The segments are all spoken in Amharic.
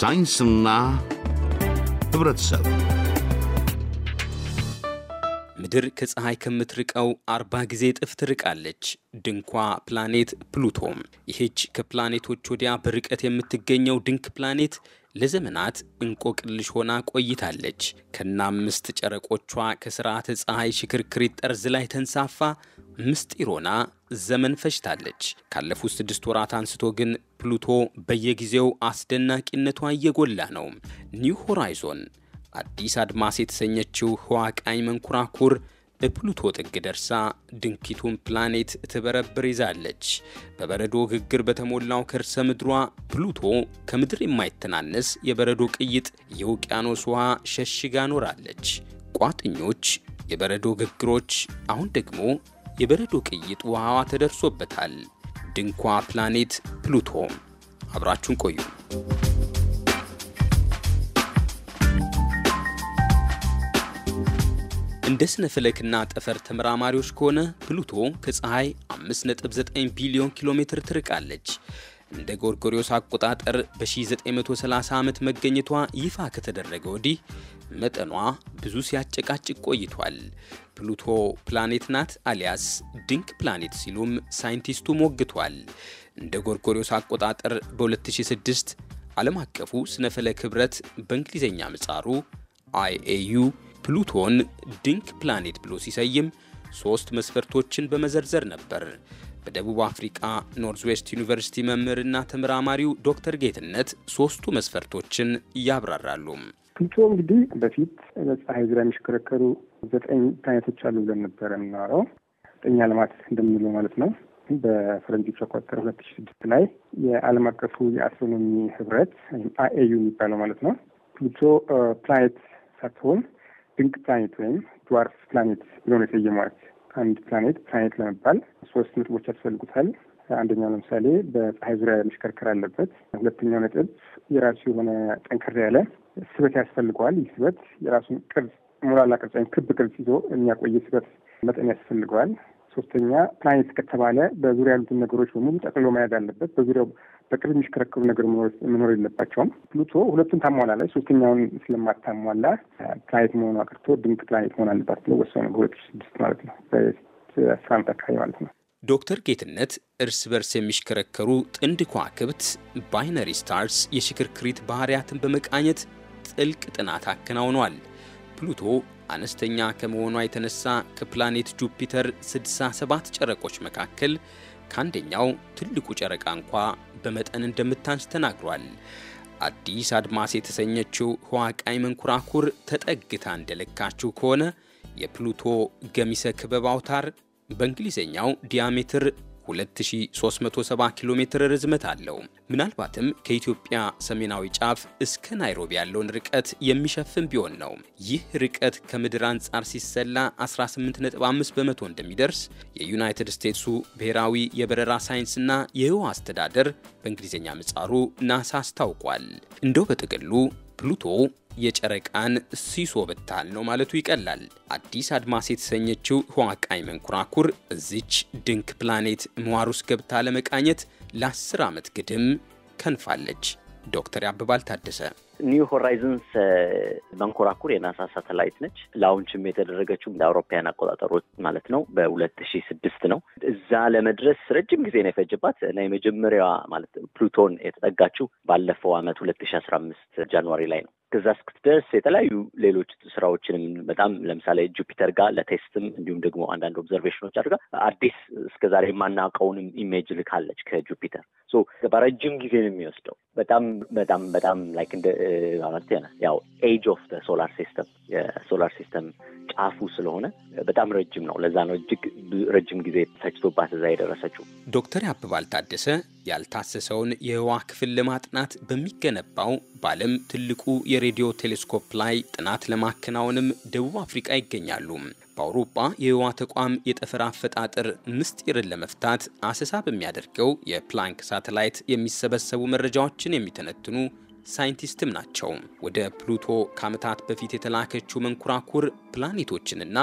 ሳይንስና ህብረተሰብ ምድር ከፀሐይ ከምትርቀው አርባ ጊዜ እጥፍ ትርቃለች። ድንኳ ፕላኔት ፕሉቶ ይህች ከፕላኔቶች ወዲያ በርቀት የምትገኘው ድንክ ፕላኔት ለዘመናት እንቆቅልሽ ሆና ቆይታለች። ከነ አምስት ጨረቆቿ ከስርዓተ ፀሐይ ሽክርክሪት ጠርዝ ላይ ተንሳፋ ምስጢር ሆና ዘመን ፈጅታለች። ካለፉት ስድስት ወራት አንስቶ ግን ፕሉቶ በየጊዜው አስደናቂነቷ እየጎላ ነው። ኒው ሆራይዞን አዲስ አድማስ የተሰኘችው ህዋ ቃኝ መንኮራኩር በፕሉቶ ጥግ ደርሳ ድንኪቱን ፕላኔት ትበረብር ይዛለች። በበረዶ ግግር በተሞላው ከርሰ ምድሯ ፕሉቶ ከምድር የማይተናነስ የበረዶ ቅይጥ የውቅያኖስ ውሃ ሸሽጋ ኖራለች። ቋጥኞች፣ የበረዶ ግግሮች፣ አሁን ደግሞ የበረዶ ቅይጥ ውሃዋ ተደርሶበታል። ድንኳ ፕላኔት ፕሉቶ። አብራችሁን ቆዩ። እንደ ስነ ፈለክና ጠፈር ተመራማሪዎች ከሆነ ፕሉቶ ከፀሐይ 5.9 ቢሊዮን ኪሎ ሜትር ትርቃለች። እንደ ጎርጎሪዮስ አቆጣጠር በ1930 ዓመት መገኘቷ ይፋ ከተደረገ ወዲህ መጠኗ ብዙ ሲያጨቃጭቅ ቆይቷል። ፕሉቶ ፕላኔት ናት አሊያስ ድንክ ፕላኔት ሲሉም ሳይንቲስቱ ሞግቷል። እንደ ጎርጎሪዮስ አቆጣጠር በ2006 ዓለም አቀፉ ስነ ኅብረት በእንግሊዝኛ ምጻሩ አይኤዩ ፕሉቶን ድንክ ፕላኔት ብሎ ሲሰይም ሶስት መስፈርቶችን በመዘርዘር ነበር። በደቡብ አፍሪካ ኖርዝ ዌስት ዩኒቨርሲቲ መምህርና ተመራማሪው ዶክተር ጌትነት ሶስቱ መስፈርቶችን ያብራራሉ። ፊቶ እንግዲህ በፊት በፀሐይ ዙሪያ የሚሽከረከሩ ዘጠኝ አይነቶች አሉ ብለን ነበረ የምናወራው ዘጠኝ አለማት እንደምንለው ማለት ነው። በፈረንጆቹ አቆጣጠር ሁለት ሺ ስድስት ላይ የዓለም አቀፉ የአስትሮኖሚ ህብረት ወይም አኤዩ የሚባለው ማለት ነው ፕሉቶ ፕላኔት ሳትሆን ድንቅ ፕላኔት ወይም ድዋርፍ ፕላኔት ብሎ ነው የሰየሟት። አንድ ፕላኔት ፕላኔት ለመባል ሶስት ነጥቦች ያስፈልጉታል። አንደኛው ለምሳሌ በፀሐይ ዙሪያ መሽከርከር አለበት። ሁለተኛው ነጥብ የራሱ የሆነ ጠንከር ያለ ስበት ያስፈልገዋል። ይህ ስበት የራሱን ቅርጽ ሞላላ ቅርጽ ወይም ክብ ቅርጽ ይዞ የሚያቆየ ስበት መጠን ያስፈልገዋል። ሶስተኛ ፕላኔት ከተባለ በዙሪያ ያሉትን ነገሮች በሙሉ ጠቅልሎ መያዝ አለበት። በዙሪያው በቅርብ የሚሽከረከሩ ነገር መኖር የለባቸውም። ፕሉቶ ሁለቱን ታሟላለች፣ ሶስተኛውን ስለማታሟላ ፕላኔት መሆኑ አቅርቶ ድንቅ ፕላኔት መሆን አለባት ብሎ ወሰኑ በሁለት ሺህ ስድስት ማለት ነው። በፍራንስ አካባቢ ማለት ነው። ዶክተር ጌትነት እርስ በርስ የሚሽከረከሩ ጥንድ ከዋክብት ባይነሪ ስታርስ የሽክርክሪት ባህሪያትን በመቃኘት ጥልቅ ጥናት አከናውኗል። ፕሉቶ አነስተኛ ከመሆኗ የተነሳ ከፕላኔት ጁፒተር 67 ጨረቆች መካከል ከአንደኛው ትልቁ ጨረቃ እንኳ በመጠን እንደምታንስ ተናግሯል። አዲስ አድማስ የተሰኘችው ህዋቃይ መንኮራኩር ተጠግታ እንደለካችው ከሆነ የፕሉቶ ገሚሰ ክበብ አውታር በእንግሊዝኛው ዲያሜትር 2370 ኪሎ ሜትር ርዝመት አለው። ምናልባትም ከኢትዮጵያ ሰሜናዊ ጫፍ እስከ ናይሮቢ ያለውን ርቀት የሚሸፍን ቢሆን ነው። ይህ ርቀት ከምድር አንጻር ሲሰላ 18.5 በመቶ እንደሚደርስ የዩናይትድ ስቴትሱ ብሔራዊ የበረራ ሳይንስና የህዋ አስተዳደር በእንግሊዝኛ ምጻሩ ናሳ አስታውቋል። እንደው በጥቅሉ ፕሉቶ የጨረቃን ሲሶ ብታል ነው ማለቱ ይቀላል። አዲስ አድማስ የተሰኘችው ህዋቃኝ መንኮራኩር እዚች ድንክ ፕላኔት መዋሩስ ገብታ ለመቃኘት ለአስር ዓመት ግድም ከንፋለች። ዶክተር አበባል ታደሰ ኒው ሆራይዘንስ መንኮራኩር የናሳ ሳተላይት ነች። ላውንችም የተደረገችው እንደ አውሮፓያን አቆጣጠሮች ማለት ነው በሁለት ሺ ስድስት ነው። እዛ ለመድረስ ረጅም ጊዜ ነው የፈጀባት እና የመጀመሪያዋ ማለት ፕሉቶን የተጠጋችው ባለፈው ዓመት ሁለት ሺ አስራ አምስት ጃንዋሪ ላይ ነው። ከዛ እስክትደርስ የተለያዩ ሌሎች ስራዎችንም በጣም ለምሳሌ ጁፒተር ጋር ለቴስትም እንዲሁም ደግሞ አንዳንድ ኦብዘርቬሽኖች አድርጋ አዲስ እስከዛሬ የማናውቀውንም ኢሜጅ ልካለች ከጁፒተር። በረጅም ጊዜ ነው የሚወስደው። በጣም በጣም በጣም ላይክ እንደ ማለት ያው ኤጅ ኦፍ ሶላር ሲስተም የሶላር ሲስተም ጫፉ ስለሆነ በጣም ረጅም ነው። ለዛ ነው እጅግ ረጅም ጊዜ ተችቶባት እዛ የደረሰችው። ዶክተር ያብባል ታደሰ ያልታሰሰውን የህዋ ክፍል ለማጥናት በሚገነባው በዓለም ትልቁ የሬዲዮ ቴሌስኮፕ ላይ ጥናት ለማከናወንም ደቡብ አፍሪቃ ይገኛሉ። በአውሮፓ የህዋ ተቋም የጠፈር አፈጣጠር ምስጢርን ለመፍታት አሰሳ በሚያደርገው የፕላንክ ሳተላይት የሚሰበሰቡ መረጃዎችን የሚተነትኑ ሳይንቲስትም ናቸው። ወደ ፕሉቶ ከዓመታት በፊት የተላከችው መንኮራኩር ፕላኔቶችንና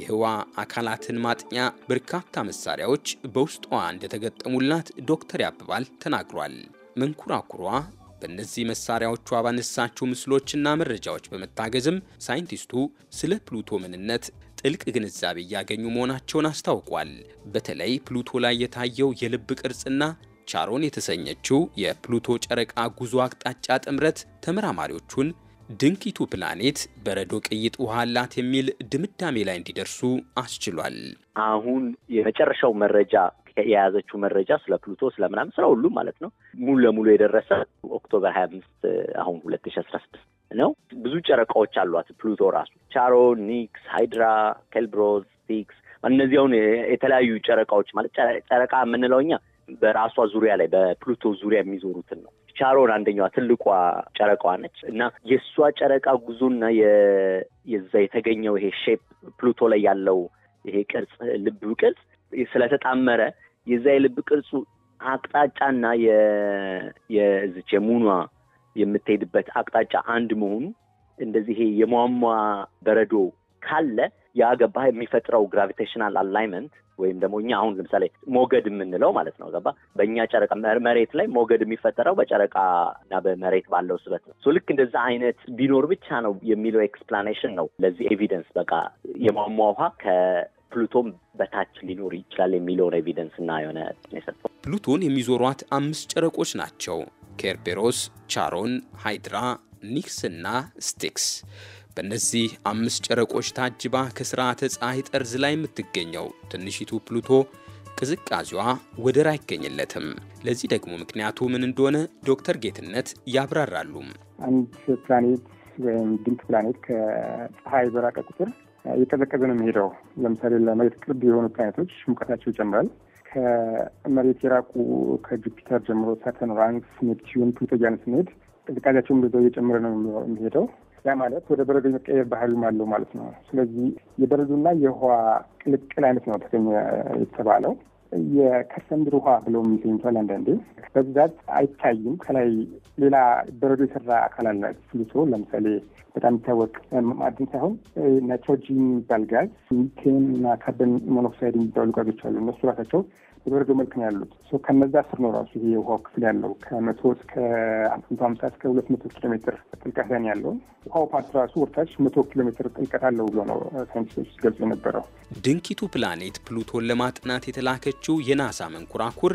የህዋ አካላትን ማጥኛ በርካታ መሳሪያዎች በውስጧ እንደተገጠሙላት ዶክተር ያብባል ተናግሯል። መንኩራኩሯ በእነዚህ መሳሪያዎቿ ባነሳቸው ምስሎችና መረጃዎች በመታገዝም ሳይንቲስቱ ስለ ፕሉቶ ምንነት ጥልቅ ግንዛቤ እያገኙ መሆናቸውን አስታውቋል። በተለይ ፕሉቶ ላይ የታየው የልብ ቅርጽና ቻሮን የተሰኘችው የፕሉቶ ጨረቃ ጉዞ አቅጣጫ ጥምረት ተመራማሪዎቹን ድንቂቱ ፕላኔት በረዶ ቅይጥ ውሃ አላት የሚል ድምዳሜ ላይ እንዲደርሱ አስችሏል። አሁን የመጨረሻው መረጃ የያዘችው መረጃ ስለ ፕሉቶ ስለምናምን ስለ ሁሉም ማለት ነው ሙሉ ለሙሉ የደረሰ ኦክቶበር ሀያ አምስት አሁን ሁለት ሺ አስራ ስድስት ነው። ብዙ ጨረቃዎች አሏት ፕሉቶ ራሱ ቻሮ፣ ኒክስ፣ ሃይድራ፣ ኬልብሮዝ፣ ሲክስ እነዚያውን የተለያዩ ጨረቃዎች ማለት ጨረቃ የምንለው እኛ በራሷ ዙሪያ ላይ በፕሉቶ ዙሪያ የሚዞሩትን ነው ቻሮን አንደኛዋ ትልቋ ጨረቃዋ ነች እና የእሷ ጨረቃ ጉዞና የዛ የተገኘው ይሄ ሼፕ ፕሉቶ ላይ ያለው ይሄ ቅርጽ ልብ ቅርጽ ስለተጣመረ የዛ የልብ ቅርጹ አቅጣጫና የዝች የሙኗ የምትሄድበት አቅጣጫ አንድ መሆኑ እንደዚህ የሟሟ በረዶ ካለ ያ የሚፈጥረው ግራቪቴሽናል አላይመንት ወይም ደግሞ እኛ አሁን ለምሳሌ ሞገድ የምንለው ማለት ነው። ገባ በእኛ ጨረቃ መሬት ላይ ሞገድ የሚፈጠረው በጨረቃ እና በመሬት ባለው ስበት ነው። ልክ እንደዛ አይነት ቢኖር ብቻ ነው የሚለው ኤክስፕላኔሽን ነው ለዚህ ኤቪደንስ በቃ የማሟ ውሃ ከፕሉቶም በታች ሊኖር ይችላል የሚለውን ኤቪደንስ እና የሆነ የሰጠው ፕሉቶን የሚዞሯት አምስት ጨረቆች ናቸው። ኬርቤሮስ፣ ቻሮን፣ ሃይድራ፣ ኒክስ እና ስቲክስ በእነዚህ አምስት ጨረቆች ታጅባ ከስርዓተ ፀሐይ ጠርዝ ላይ የምትገኘው ትንሽቱ ፕሉቶ ቅዝቃዜዋ ወደር አይገኝለትም። ለዚህ ደግሞ ምክንያቱ ምን እንደሆነ ዶክተር ጌትነት ያብራራሉ። አንድ ፕላኔት ወይም ድንክ ፕላኔት ከፀሐይ በራቀ ቁጥር እየቀዘቀዘ ነው የሚሄደው። ለምሳሌ ለመሬት ቅርብ የሆኑ ፕላኔቶች ሙቀታቸው ይጨምራል። ከመሬት የራቁ ከጁፒተር ጀምሮ ሳተን፣ ራንስ፣ ኔፕቲዩን፣ ፕሉቶ እያልን ስንሄድ ቅዝቃዜያቸውም ብዙ እየጨመረ ነው የሚሄደው። ያ ማለት ወደ በረዶ የመቀየር ባህሪም አለው ማለት ነው። ስለዚህ የበረዶና የውሃ ቅልቅል አይነት ነው ተገኘ የተባለው። የከርሰ ምድር ውሃ ብለው የሚገኝቷል አንዳንዴ በብዛት አይታይም። ከላይ ሌላ በረዶ የሰራ አካል አለ። ፍሉቶ ለምሳሌ በጣም የሚታወቅ ማዕድን ሳይሆን ናይትሮጂን የሚባል ጋዝ፣ ሚቴን እና ካርበን ሞኖክሳይድ የሚባሉ ጋዞች አሉ። እነሱ ራሳቸው የበረዶ መልክ ነው ያሉት። ከነዛ ስር ነው ራሱ ይሄ የውሃው ክፍል ያለው ከመቶ እስከ መቶ ሀምሳ እስከ ሁለት መቶ ኪሎ ሜትር ጥልቀት ያን ያለው ውሃው ፓርት ራሱ ወርታች መቶ ኪሎ ሜትር ጥልቀት አለው ብሎ ነው ሳይንቲስቶች ሲገልጹ የነበረው። ድንኪቱ ፕላኔት ፕሉቶን ለማጥናት የተላከችው የናሳ መንኮራኩር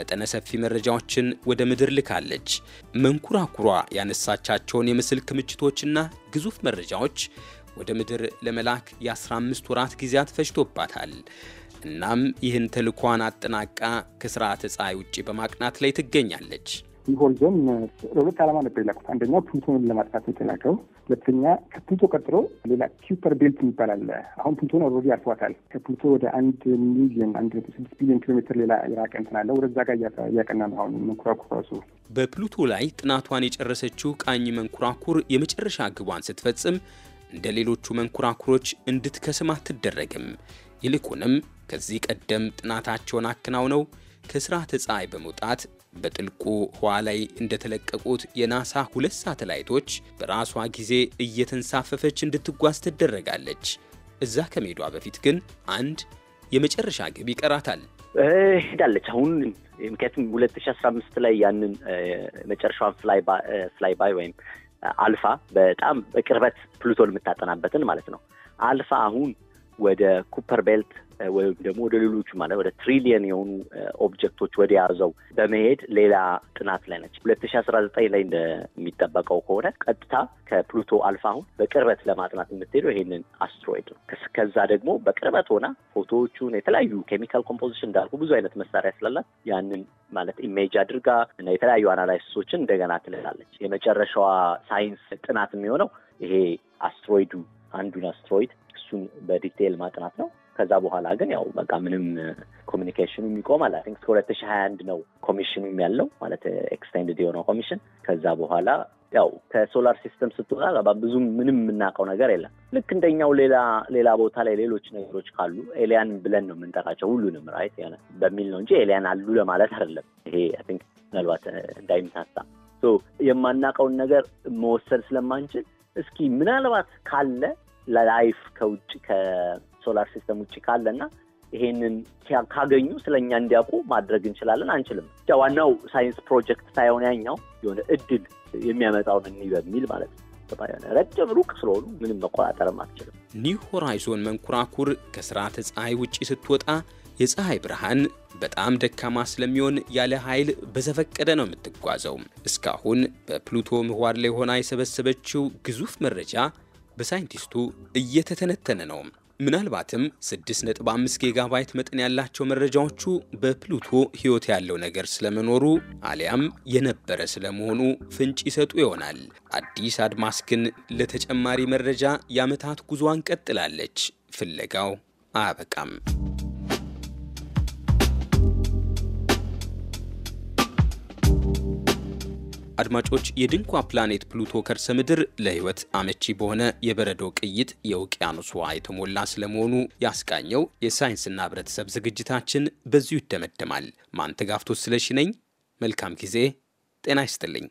መጠነ ሰፊ መረጃዎችን ወደ ምድር ልካለች። መንኩራኩሯ ያነሳቻቸውን የምስል ክምችቶችና ግዙፍ መረጃዎች ወደ ምድር ለመላክ የ15 ወራት ጊዜያት ፈጅቶባታል። እናም ይህን ተልኳን አጠናቃ ከስርዓተ ፀሐይ ውጭ በማቅናት ላይ ትገኛለች። ይሆን ሆሪዞን ለሁለት ዓላማ ነበር የላኩት። አንደኛው ፕሉቶንን ለማጥፋት ነው የተላከው። ሁለተኛ ከፕሉቶ ቀጥሎ ሌላ ኪውፐር ቤልት የሚባል አሁን ፕሉቶን ኦልሬዲ አልፏታል። ከፕሉቶ ወደ አንድ ሚሊዮን አንድ ነጥብ ስድስት ቢሊዮን ኪሎ ሜትር ሌላ የራቀ እንትን አለ። ወደዛ ጋር እያቀና ነው አሁን መንኮራኩር ራሱ። በፕሉቶ ላይ ጥናቷን የጨረሰችው ቃኝ መንኮራኩር የመጨረሻ ግቧን ስትፈጽም እንደ ሌሎቹ መንኮራኩሮች እንድትከስም አትደረግም። ይልቁንም ከዚህ ቀደም ጥናታቸውን አከናውነው ከስርዓተ ፀሐይ በመውጣት በጥልቁ ህዋ ላይ እንደተለቀቁት የናሳ ሁለት ሳተላይቶች በራሷ ጊዜ እየተንሳፈፈች እንድትጓዝ ትደረጋለች። እዛ ከመሄዷ በፊት ግን አንድ የመጨረሻ ግብ ይቀራታል። ሄዳለች አሁን ምክንያቱም ሁለት አስራ አምስት ላይ ያንን መጨረሻዋን ፍላይ ባይ ወይም አልፋ በጣም በቅርበት ፕሉቶን የምታጠናበትን ማለት ነው አልፋ አሁን ወደ ኩፐር ቤልት ወይም ደግሞ ወደ ሌሎቹ ማለት ወደ ትሪሊየን የሆኑ ኦብጀክቶች ወደ ያዘው በመሄድ ሌላ ጥናት ላይ ነች። ሁለት ሺ አስራ ዘጠኝ ላይ እንደሚጠበቀው ከሆነ ቀጥታ ከፕሉቶ አልፋ አሁን በቅርበት ለማጥናት የምትሄደው ይሄንን አስትሮይድ ነው። ከዛ ደግሞ በቅርበት ሆና ፎቶዎቹን የተለያዩ ኬሚካል ኮምፖዚሽን እንዳልኩ ብዙ አይነት መሳሪያ ስላላት ያንን ማለት ኢሜጅ አድርጋ እና የተለያዩ አናላይሲሶችን እንደገና ትልላለች። የመጨረሻዋ ሳይንስ ጥናት የሚሆነው ይሄ አስትሮይዱ አንዱን አስትሮይድ እሱን በዲቴይል ማጥናት ነው። ከዛ በኋላ ግን ያው በቃ ምንም ኮሚኒኬሽኑ ይቆማል። አይ ቲንክ እስከ ሺህ ሀያ አንድ ነው ኮሚሽኑም ያለው ማለት ኤክስቴንድድ የሆነው ኮሚሽን። ከዛ በኋላ ያው ከሶላር ሲስተም ስትወጣ ብዙም ምንም የምናውቀው ነገር የለም። ልክ እንደኛው ሌላ ሌላ ቦታ ላይ ሌሎች ነገሮች ካሉ ኤሊያን ብለን ነው የምንጠራቸው ሁሉንም ራይት በሚል ነው እንጂ ኤሊያን አሉ ለማለት አይደለም። ይሄ አይ ቲንክ ምናልባት uh, እንዳይምታሳ የማናውቀውን ነገር መወሰድ ስለማንችል እስኪ ምናልባት ካለ ለላይፍ ከውጭ ከሶላር ሲስተም ውጭ ካለና ይሄንን ካገኙ ስለኛ እንዲያውቁ ማድረግ እንችላለን አንችልም። ዋናው ሳይንስ ፕሮጀክት ሳይሆን ያኛው የሆነ እድል የሚያመጣውን እኒ በሚል ማለት ነው። ረጅም ሩቅ ስለሆኑ ምንም መቆጣጠርም አትችልም። ኒው ሆራይዞን መንኮራኩር ከስርዓተ ፀሐይ ውጪ ስትወጣ የፀሐይ ብርሃን በጣም ደካማ ስለሚሆን ያለ ኃይል በዘፈቀደ ነው የምትጓዘው። እስካሁን በፕሉቶ ምህዋር ላይ ሆና የሰበሰበችው ግዙፍ መረጃ በሳይንቲስቱ እየተተነተነ ነው። ምናልባትም 6.5 ጊጋባይት መጠን ያላቸው መረጃዎቹ በፕሉቶ ሕይወት ያለው ነገር ስለመኖሩ አሊያም የነበረ ስለመሆኑ ፍንጭ ይሰጡ ይሆናል። አዲስ አድማስ ግን ለተጨማሪ መረጃ የአመታት ጉዞ አንቀጥላለች። ፍለጋው አያበቃም። አድማጮች የድንኳ ፕላኔት ፕሉቶ ከርሰ ምድር ለህይወት አመቺ በሆነ የበረዶ ቅይጥ የውቅያኖስ ውሃ የተሞላ ስለመሆኑ ያስቃኘው የሳይንስና ህብረተሰብ ዝግጅታችን በዚሁ ይደመደማል። ማንተጋፍቶ ስለሺ ነኝ። መልካም ጊዜ። ጤና ይስጥልኝ።